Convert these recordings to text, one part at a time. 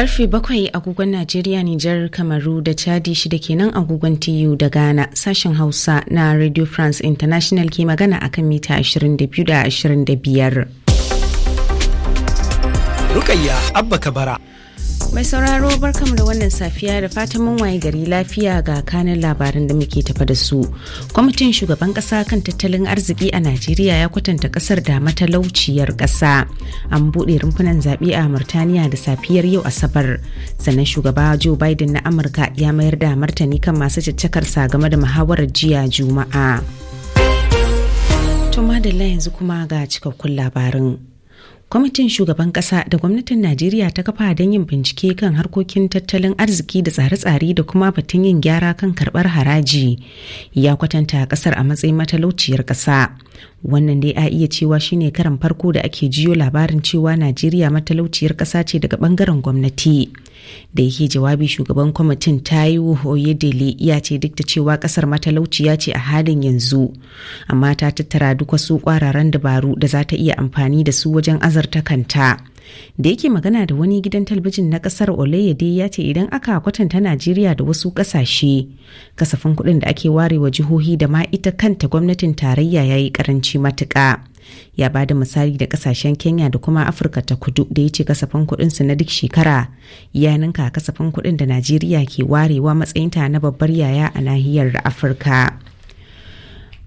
Karfe bakwai agogon Najeriya Nijar Kamaru da Chadi shida kenan agogon TU da Ghana sashen Hausa na Radio France International ke magana akan mita 22 da 25. Rukayya Abba Kabara. Mai sauraro barkamu da wannan safiya da fatan mun waye gari lafiya ga kanin labaran da muke tafa da su. Kwamitin shugaban kasa kan tattalin arziki a Najeriya ya kwatanta kasar da matalauciyar kasa. An buɗe rumfunan zaɓe a Murtaniya da safiyar yau Asabar. Sannan shugaba Joe Biden na Amurka ya mayar da martani kan masu caccakarsa game da muhawarar jiya Juma'a. To madalla yanzu kuma ga cikakkun labarin. kwamitin shugaban kasa da gwamnatin najeriya ta kafa don yin bincike kan harkokin tattalin arziki da tsare-tsare da kuma batun yin gyara kan karbar haraji ya kwatanta kasar a matsayin matalauciyar kasa wannan dai a iya cewa shine karan farko da ake jiyo labarin cewa najeriya matalauciyar ƙasa ce daga bangaren gwamnati da yake jawabi shugaban kwamitin tayo oyedele ya ce duk da cewa ƙasar matalauciya ce a halin yanzu amma ta tattara duk wasu ƙwararan dabaru da za ta iya amfani da su wajen azarta kanta da yake magana da wani gidan talabijin na kasar olayede ya ce idan aka kwatanta najeriya da wasu kasashe kasafin kuɗin da ake warewa jihohi da ma ita kanta gwamnatin tarayya ya yi karanci matuƙa ya ba da misali da kasashen kenya da kuma afirka ta kudu da ya ce kasafin kuɗinsu na duk shekara ya ninka kasafin kuɗin da najeriya ke warewa matsayinta na babbar yaya a nahiyar afirka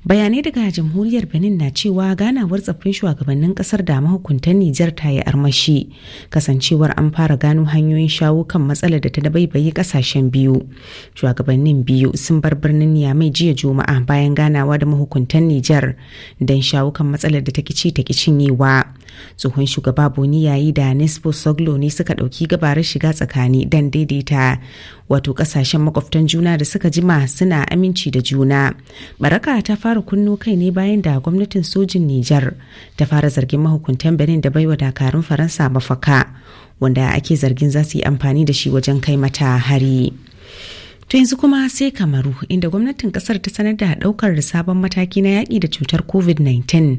bayanai daga jamhuriyar benin na cewa ganawar tsaffin shugabannin kasar da mahukuntan nijar ta yi armashi kasancewar an fara gano hanyoyin shawo kan matsalar da ta dabaibaye kasashen biyu shugabannin biyu sun bar birnin niyamai jiya juma'a bayan ganawa da mahukuntan nijar don shawo kan matsalar da ta kici ta yiwa tsohon shugaba boni yayi da nespo soglo ne suka dauki gabarar shiga tsakani don daidaita wato kasashen makwabtan juna da suka jima suna aminci da juna baraka ta fara kunno kai ne bayan da gwamnatin sojin nijar ta fara zargin mahukuntan benin da baiwa dakarun faransa mafaka wanda ake zargin za su yi amfani da shi wajen kai mata hari. To yanzu kuma sai Kamaru inda gwamnatin kasar ta sanar da daukar sabon mataki na yaƙi da cutar COVID-19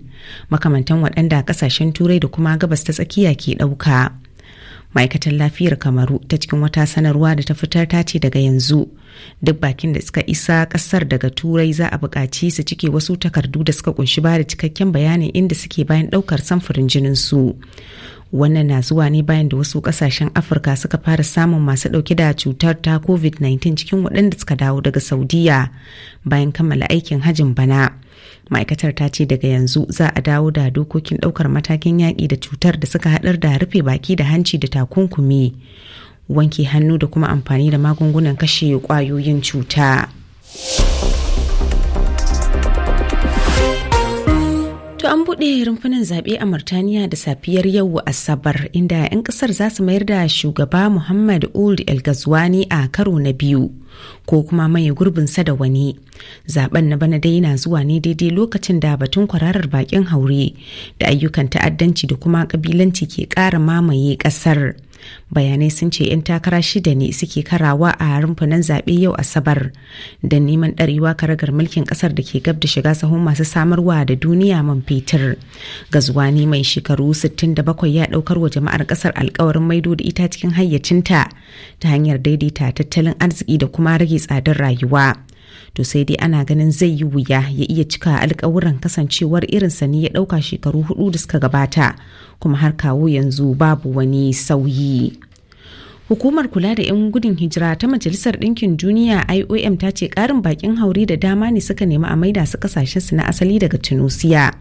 makamantan waɗanda ƙasashen turai da kuma gabas ta tsakiya ke ɗauka. Ma'aikatar lafiyar Kamaru ta cikin wata sanarwa da ta fitar ta ce daga yanzu duk bakin da suka isa ƙasar daga turai za a buƙaci su cike wasu takardu da suka kunshi ba da cikakken bayanin inda suke bayan ɗaukar samfurin jinin su. wannan na zuwa ne bayan da wasu kasashen afirka suka fara samun masu dauke da cutar ta covid-19 cikin waɗanda suka dawo daga saudiya bayan kammala aikin hajin bana ma'aikatar ta ce daga yanzu za a dawo da dokokin ɗaukar matakin yaƙi da cutar da suka haɗar da rufe baki da hanci da takunkumi wanke hannu da kuma amfani da magungunan kashe ƙwayoyin cuta. To an buɗe rumfunan zaɓe a Murtaniya da safiyar yau Asabar inda 'yan ƙasar za su mayar da shugaba Muhammad Ould El Gazwani a karo na biyu ko kuma mai gurbinsa da wani. Zaben na bana dai na zuwa ne daidai lokacin da batun kwararar bakin haure da ayyukan ta'addanci da kuma ƙabilanci ke ƙara mamaye ƙasar. bayanai sun ce 'yan takara shida ne suke karawa a rumfunan zaɓe yau asabar da neman ɗarewa karagar mulkin ƙasar da ke gab da shiga sahun masu samarwa da duniya man fetur gazuwani mai shekaru 67 ya ɗaukar wa jama'ar ƙasar alkawarin maido da ita cikin hayyacinta ta hanyar daidaita tattalin arziki da kuma rage tsadar rayuwa to sai dai ana ganin zai yi wuya ya iya cika alkawuran kasancewar irin ne ya ɗauka shekaru hudu da suka gabata kuma har kawo yanzu babu wani sauyi hukumar kula da 'yan gudun hijira ta majalisar ɗinkin duniya iom ta ce ƙarin bakin hauri da dama ne suka nemi a maida su kasashen su na asali daga Tunisia.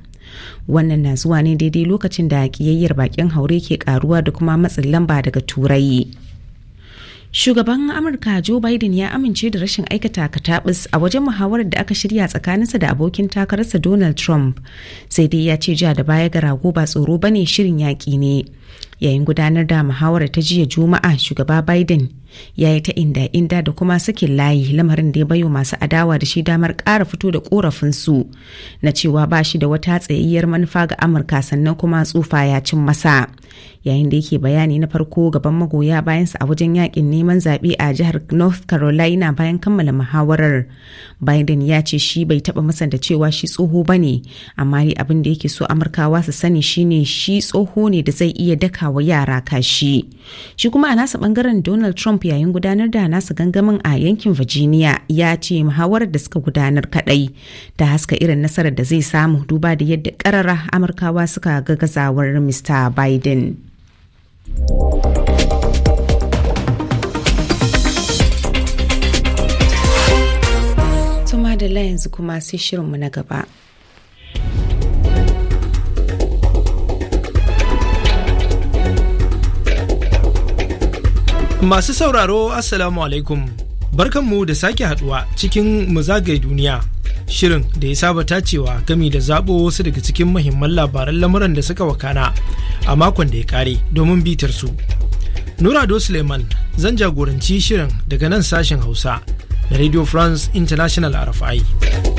wannan na zuwa ne daidai lokacin da kiyayyar bakin haure ke karuwa da kuma matsin lamba daga turai Shugaban Amurka Joe Biden ya amince da rashin aikata katabis a wajen muhawarar da aka shirya tsakaninsa da abokin takararsa Donald Trump. Sai dai ya ce ja da baya ga rago ba tsoro bane shirin yaƙi ne. yayin gudanar da muhawarar ta jiya juma'a shugaba biden ya yi ta inda inda da kuma sakin layi lamarin da ya bayo masu adawa da shi damar ƙara fito da su na cewa ba shi da wata tsayayyar manufa ga amurka sannan kuma tsufa ya cin masa yayin da yake bayani na farko gaban magoya bayansa a wajen yakin neman zaɓe a jihar north carolina bayan kammala muhawarar biden ya ce shi bai taɓa masanta cewa shi tsoho ba ne amma abin da yake so amurkawa su sani shine shi tsoho ne da zai iya dakawa wa yara kashi shi kuma a nasa bangaren donald trump yayin gudanar da nasa gangamin a yankin virginia ya ce muhawarar da suka gudanar kadai da haska irin nasarar da zai samu duba da yadda karara amurkawa suka ga gazawar mr biden Tuma da yanzu kuma sai shirinmu na gaba. Masu sauraro Assalamu alaikum. Barkanmu da sake haduwa cikin zagaye duniya. Shirin da ya saba tacewa gami da zaɓo wasu daga cikin mahimman labaran lamuran da suka wakana a makon da ya kare domin bitar su. Nurado Suleiman zan jagoranci shirin daga nan sashen Hausa na Radio France International RFI.